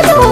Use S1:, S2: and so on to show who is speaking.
S1: Oh.